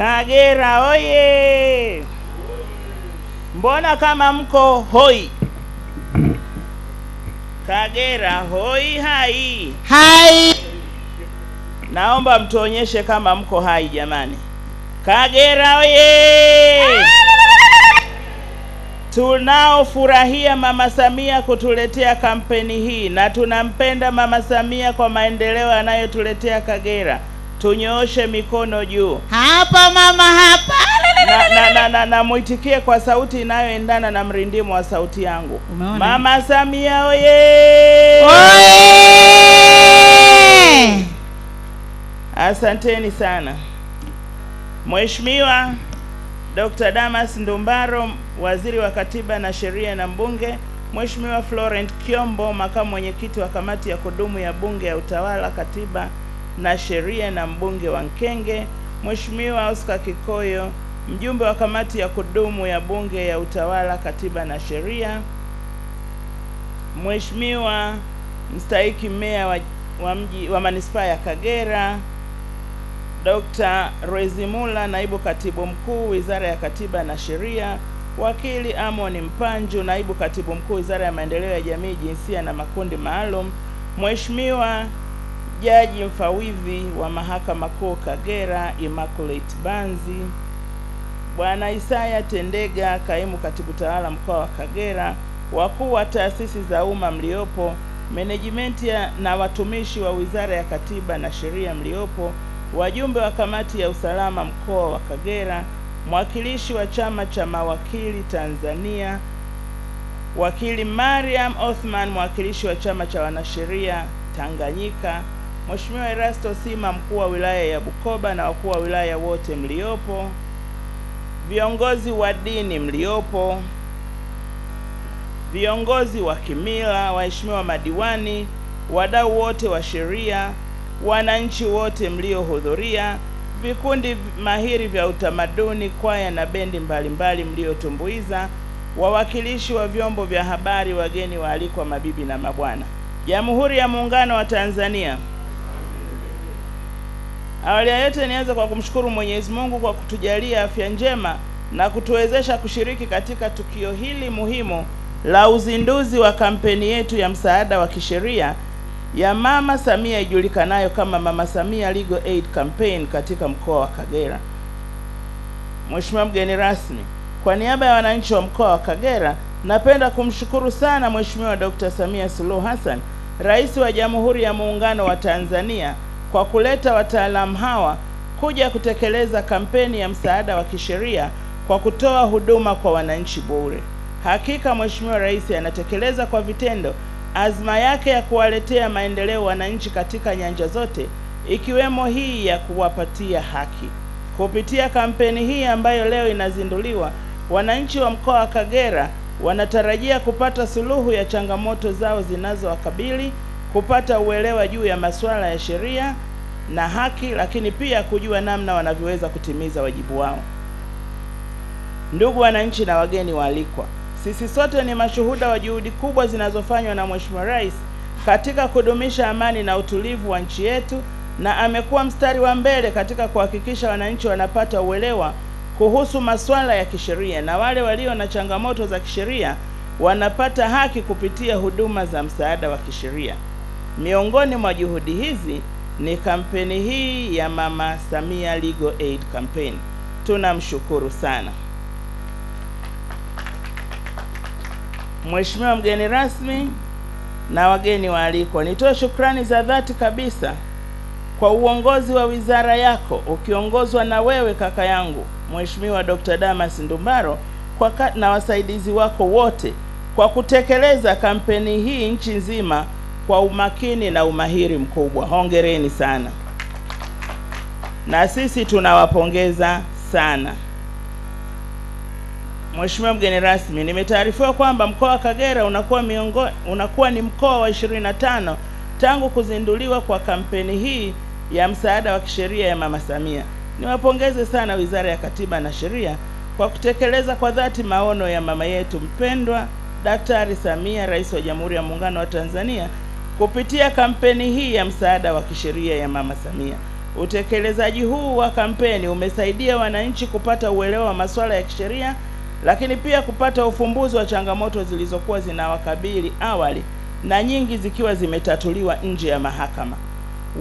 Kagera oye! Mbona kama mko hoi? Kagera hoi hai hai. Naomba mtuonyeshe kama mko hai jamani. Kagera oye! Tunaofurahia Mama Samia kutuletea kampeni hii na tunampenda Mama Samia kwa maendeleo anayotuletea Kagera. Tunyooshe mikono juu hapa mama, hapa na, na, na, na, na mwitikie kwa sauti inayoendana na mrindimo wa sauti yangu. Mama Samia oye! Oye! Asanteni sana Mheshimiwa Dr. Damas Ndumbaro, waziri wa katiba na sheria na mbunge, Mheshimiwa Florent Kiombo, makamu mwenyekiti wa kamati ya kudumu ya bunge ya utawala, katiba na Sheria na mbunge wa Nkenge, Mheshimiwa Oscar Kikoyo, mjumbe wa kamati ya kudumu ya Bunge ya Utawala, Katiba na Sheria, Mheshimiwa mstahiki meya wa, wa, mji, wa manispaa ya Kagera Dr. Rwezimula, naibu katibu mkuu Wizara ya Katiba na Sheria, wakili Amon Mpanju, naibu katibu mkuu Wizara ya Maendeleo ya Jamii, Jinsia na Makundi Maalum, Mheshimiwa Jaji mfawidhi wa Mahakama Kuu Kagera Immaculate Banzi, Bwana Isaya Tendega, kaimu katibu tawala mkoa wa Kagera, wakuu wa taasisi za umma mliopo, menejimenti na watumishi wa Wizara ya Katiba na Sheria mliopo, wajumbe wa kamati ya usalama mkoa wa Kagera, mwakilishi wa Chama cha Mawakili Tanzania, wakili Mariam Othman, mwakilishi wa Chama cha Wanasheria Tanganyika Mheshimiwa Erasto Sima, mkuu wa wilaya ya Bukoba na wakuu wa wilaya wote mliopo, viongozi wa dini mliopo, viongozi wa kimila, waheshimiwa madiwani, wadau wote wa sheria, wananchi wote mliohudhuria, vikundi mahiri vya utamaduni, kwaya na bendi mbalimbali mliotumbuiza, wawakilishi wa vyombo vya habari, wageni waalikwa, mabibi na mabwana. Jamhuri ya Muungano wa Tanzania Awali ya yote nianze kwa kumshukuru Mwenyezi Mungu kwa kutujalia afya njema na kutuwezesha kushiriki katika tukio hili muhimu la uzinduzi wa kampeni yetu ya msaada wa kisheria ya Mama Samia ijulikanayo kama Mama Samia Legal Aid Campaign katika mkoa wa Kagera. Mheshimiwa mgeni rasmi, kwa niaba ya wananchi wa mkoa wa Kagera napenda kumshukuru sana Mheshimiwa Dr. Samia Suluhu Hassan, Rais wa Jamhuri ya Muungano wa Tanzania kwa kuleta wataalamu hawa kuja kutekeleza kampeni ya msaada wa kisheria kwa kutoa huduma kwa wananchi bure. Hakika Mheshimiwa Rais anatekeleza kwa vitendo azma yake ya kuwaletea maendeleo wananchi katika nyanja zote ikiwemo hii ya kuwapatia haki. Kupitia kampeni hii ambayo leo inazinduliwa, wananchi wa mkoa wa Kagera wanatarajia kupata suluhu ya changamoto zao zinazowakabili kupata uelewa juu ya masuala ya sheria na haki, lakini pia kujua namna wanavyoweza kutimiza wajibu wao. Ndugu wananchi na wageni waalikwa, sisi sote ni mashuhuda wa juhudi kubwa zinazofanywa na Mheshimiwa Rais katika kudumisha amani na utulivu wa nchi yetu, na amekuwa mstari wa mbele katika kuhakikisha wananchi wanapata uelewa kuhusu masuala ya kisheria na wale walio na changamoto za kisheria wanapata haki kupitia huduma za msaada wa kisheria. Miongoni mwa juhudi hizi ni kampeni hii ya Mama Samia Legal Aid Campaign. Tunamshukuru sana Mheshimiwa mgeni rasmi na wageni waalikwa, nitoe shukrani za dhati kabisa kwa uongozi wa wizara yako ukiongozwa na wewe kaka yangu Mheshimiwa Dr. Damas Ndumbaro kwa na wasaidizi wako wote kwa kutekeleza kampeni hii nchi nzima kwa umakini na umahiri mkubwa. Hongereni sana, na sisi tunawapongeza sana. Mheshimiwa mgeni rasmi, nimetaarifiwa kwamba mkoa wa Kagera unakuwa miongo, unakuwa ni mkoa wa 25 tangu kuzinduliwa kwa kampeni hii ya msaada wa kisheria ya Mama Samia. Niwapongeze sana Wizara ya Katiba na Sheria kwa kutekeleza kwa dhati maono ya mama yetu mpendwa Daktari Samia, Rais wa Jamhuri ya Muungano wa Tanzania Kupitia kampeni hii ya msaada wa kisheria ya Mama Samia, utekelezaji huu wa kampeni umesaidia wananchi kupata uelewa wa masuala ya kisheria, lakini pia kupata ufumbuzi wa changamoto zilizokuwa zinawakabili awali na nyingi zikiwa zimetatuliwa nje ya mahakama.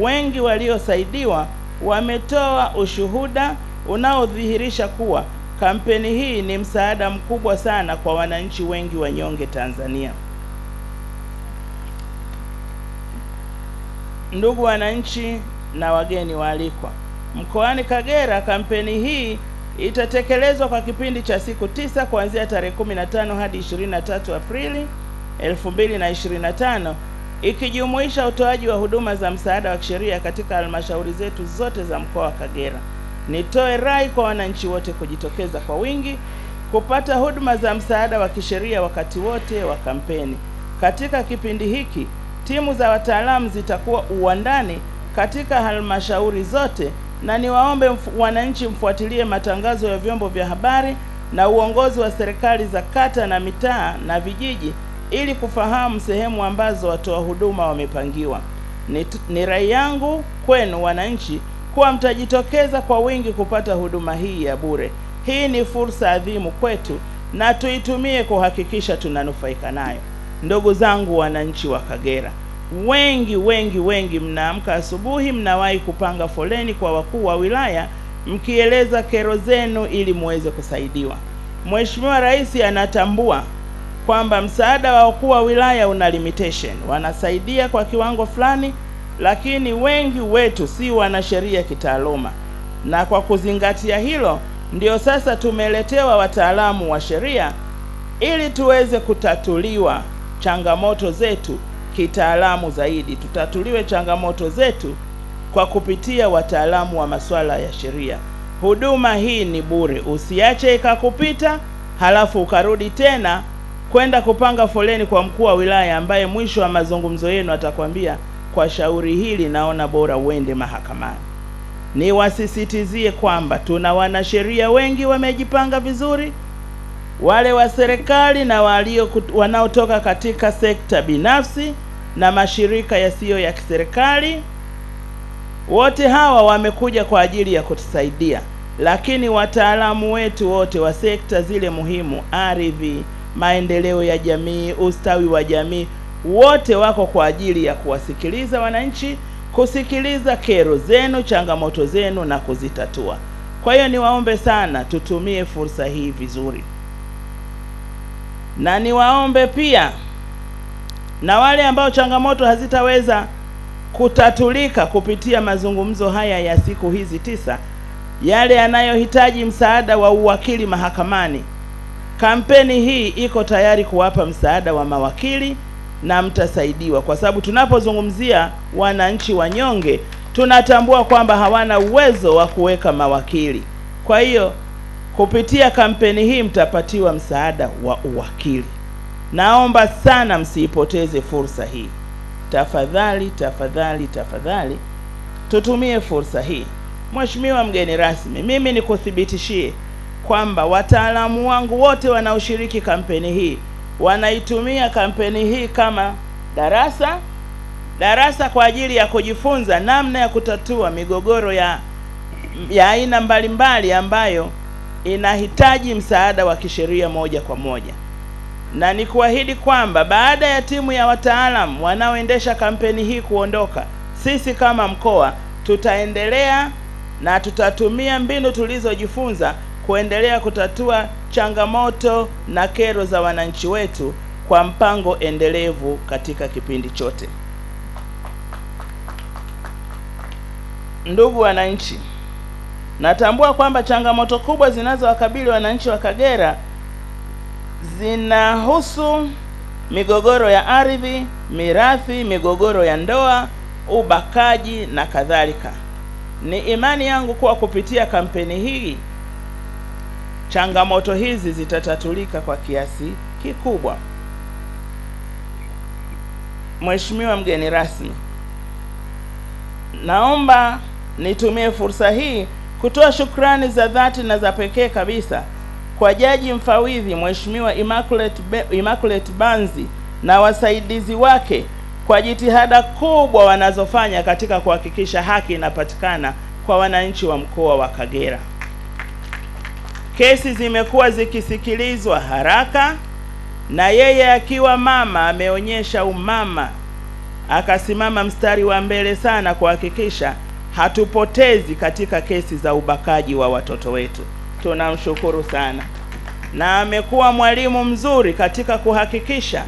Wengi waliosaidiwa wametoa ushuhuda unaodhihirisha kuwa kampeni hii ni msaada mkubwa sana kwa wananchi wengi wanyonge Tanzania. Ndugu wananchi na wageni waalikwa, mkoani Kagera kampeni hii itatekelezwa kwa kipindi cha siku tisa kuanzia tarehe 15 hadi 23 Aprili 2025 ikijumuisha utoaji wa huduma za msaada wa kisheria katika halmashauri zetu zote za mkoa wa Kagera. Nitoe rai kwa wananchi wote kujitokeza kwa wingi kupata huduma za msaada wa kisheria wakati wote wa kampeni. Katika kipindi hiki Timu za wataalamu zitakuwa uwandani katika halmashauri zote, na niwaombe mf wananchi mfuatilie matangazo ya vyombo vya habari na uongozi wa serikali za kata na mitaa na vijiji ili kufahamu sehemu ambazo watoa huduma wamepangiwa. Ni, ni rai yangu kwenu wananchi kuwa mtajitokeza kwa wingi kupata huduma hii ya bure. Hii ni fursa adhimu kwetu na tuitumie kuhakikisha tunanufaika nayo ndugu zangu wananchi wa Kagera, wengi wengi wengi mnaamka asubuhi, mnawahi kupanga foleni kwa wakuu wa wilaya mkieleza kero zenu ili muweze kusaidiwa. Mheshimiwa Rais anatambua kwamba msaada wa wakuu wa wilaya una limitation, wanasaidia kwa kiwango fulani, lakini wengi wetu si wanasheria kitaaluma, na kwa kuzingatia hilo ndio sasa tumeletewa wataalamu wa sheria ili tuweze kutatuliwa changamoto zetu kitaalamu zaidi, tutatuliwe changamoto zetu kwa kupitia wataalamu wa masuala ya sheria. Huduma hii ni bure, usiache ikakupita halafu ukarudi tena kwenda kupanga foleni kwa mkuu wa wilaya, ambaye mwisho wa mazungumzo yenu atakwambia kwa shauri hili naona bora uende mahakamani. Niwasisitizie kwamba tuna wanasheria wengi wamejipanga vizuri wale wa serikali na walio wanaotoka katika sekta binafsi na mashirika yasiyo ya, ya kiserikali. Wote hawa wamekuja kwa ajili ya kutusaidia, lakini wataalamu wetu wote wa sekta zile muhimu, ardhi, maendeleo ya jamii, ustawi wa jamii, wote wako kwa ajili ya kuwasikiliza wananchi, kusikiliza kero zenu, changamoto zenu na kuzitatua. Kwa hiyo niwaombe sana tutumie fursa hii vizuri na niwaombe pia na wale ambao changamoto hazitaweza kutatulika kupitia mazungumzo haya ya siku hizi tisa, yale yanayohitaji msaada wa uwakili mahakamani, kampeni hii iko tayari kuwapa msaada wa mawakili na mtasaidiwa, kwa sababu tunapozungumzia wananchi wanyonge tunatambua kwamba hawana uwezo wa kuweka mawakili. Kwa hiyo Kupitia kampeni hii mtapatiwa msaada wa uwakili. Naomba sana msiipoteze fursa hii. Tafadhali, tafadhali, tafadhali tutumie fursa hii. Mheshimiwa mgeni rasmi, mimi nikuthibitishie kwamba wataalamu wangu wote wanaoshiriki kampeni hii wanaitumia kampeni hii kama darasa darasa kwa ajili ya kujifunza namna ya kutatua migogoro ya ya aina mbalimbali ambayo inahitaji msaada wa kisheria moja kwa moja, na ni kuahidi kwamba baada ya timu ya wataalamu wanaoendesha kampeni hii kuondoka, sisi kama mkoa tutaendelea na tutatumia mbinu tulizojifunza kuendelea kutatua changamoto na kero za wananchi wetu kwa mpango endelevu katika kipindi chote. Ndugu wananchi, Natambua kwamba changamoto kubwa zinazowakabili wananchi wa Kagera zinahusu migogoro ya ardhi, mirathi, migogoro ya ndoa, ubakaji na kadhalika. Ni imani yangu kuwa kupitia kampeni hii changamoto hizi zitatatulika kwa kiasi kikubwa. Mheshimiwa mgeni rasmi, naomba nitumie fursa hii kutoa shukrani za dhati na za pekee kabisa kwa jaji mfawidhi Mheshimiwa Immaculate, Immaculate Banzi na wasaidizi wake kwa jitihada kubwa wanazofanya katika kuhakikisha haki inapatikana kwa wananchi wa mkoa wa Kagera. Kesi zimekuwa zikisikilizwa haraka na yeye akiwa mama ameonyesha umama, akasimama mstari wa mbele sana kuhakikisha hatupotezi katika kesi za ubakaji wa watoto wetu. Tunamshukuru sana, na amekuwa mwalimu mzuri katika kuhakikisha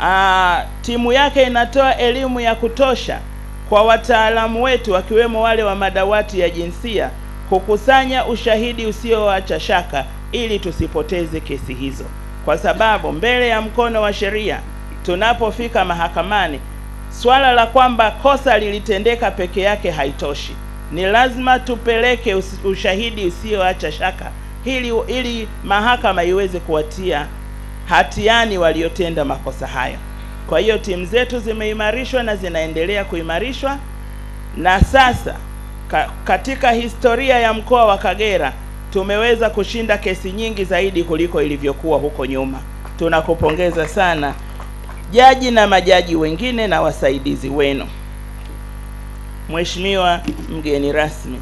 aa, ah, timu yake inatoa elimu ya kutosha kwa wataalamu wetu wakiwemo wale wa madawati ya jinsia kukusanya ushahidi usioacha shaka ili tusipoteze kesi hizo, kwa sababu mbele ya mkono wa sheria tunapofika mahakamani Swala la kwamba kosa lilitendeka peke yake haitoshi, ni lazima tupeleke ushahidi usioacha shaka ili, ili mahakama iweze kuwatia hatiani waliotenda makosa hayo. Kwa hiyo timu zetu zimeimarishwa na zinaendelea kuimarishwa, na sasa ka, katika historia ya mkoa wa Kagera tumeweza kushinda kesi nyingi zaidi kuliko ilivyokuwa huko nyuma. Tunakupongeza sana jaji na majaji wengine na wasaidizi wenu. Mheshimiwa mgeni rasmi,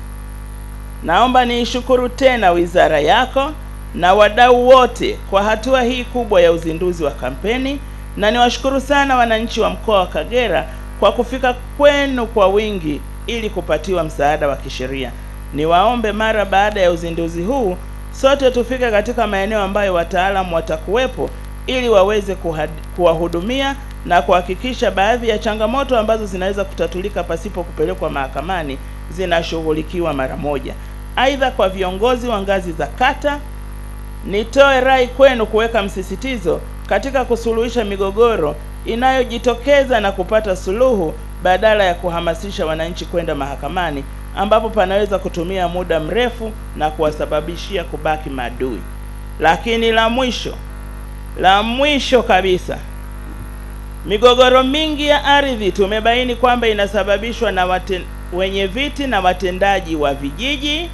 naomba niishukuru tena wizara yako na wadau wote kwa hatua hii kubwa ya uzinduzi wa kampeni, na niwashukuru sana wananchi wa mkoa wa Kagera kwa kufika kwenu kwa wingi ili kupatiwa msaada wa kisheria. Niwaombe mara baada ya uzinduzi huu sote tufike katika maeneo ambayo wataalamu watakuwepo ili waweze kuwahudumia na kuhakikisha baadhi ya changamoto ambazo zinaweza kutatulika pasipo kupelekwa mahakamani zinashughulikiwa mara moja. Aidha, kwa viongozi wa ngazi za kata, nitoe rai kwenu kuweka msisitizo katika kusuluhisha migogoro inayojitokeza na kupata suluhu badala ya kuhamasisha wananchi kwenda mahakamani ambapo panaweza kutumia muda mrefu na kuwasababishia kubaki maadui. Lakini la mwisho la mwisho kabisa, migogoro mingi ya ardhi tumebaini kwamba inasababishwa na waten, wenye viti na watendaji wa vijiji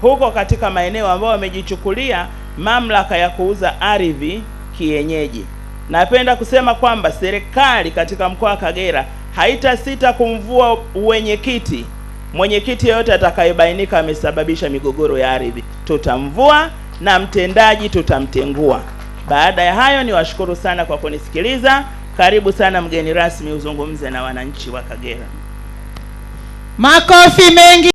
huko katika maeneo ambayo wamejichukulia mamlaka ya kuuza ardhi kienyeji. Napenda kusema kwamba serikali katika mkoa wa Kagera haitasita kumvua uwenyekiti mwenyekiti yeyote atakayebainika amesababisha migogoro ya ardhi, tutamvua na mtendaji tutamtengua. Baada ya hayo, ni washukuru sana kwa kunisikiliza. Karibu sana mgeni rasmi, uzungumze na wananchi wa Kagera. Makofi mengi.